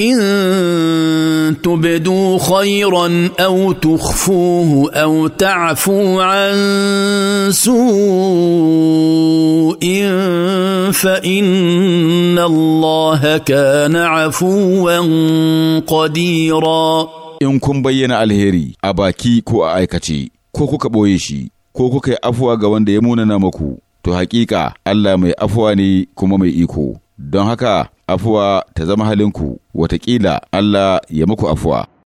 ان تبدوا خيرا او تخفوه او تعفو عن سوء فان الله كان عفوا قديرا in kun bayyana alheri a baki ko a aikace ko kuka ɓoye shi ko kuka yi afuwa ga wanda ya munana maku to haƙiƙa, Allah mai afuwa ne kuma mai iko don haka afuwa ta zama halinku, watakila Allah ya muku afuwa.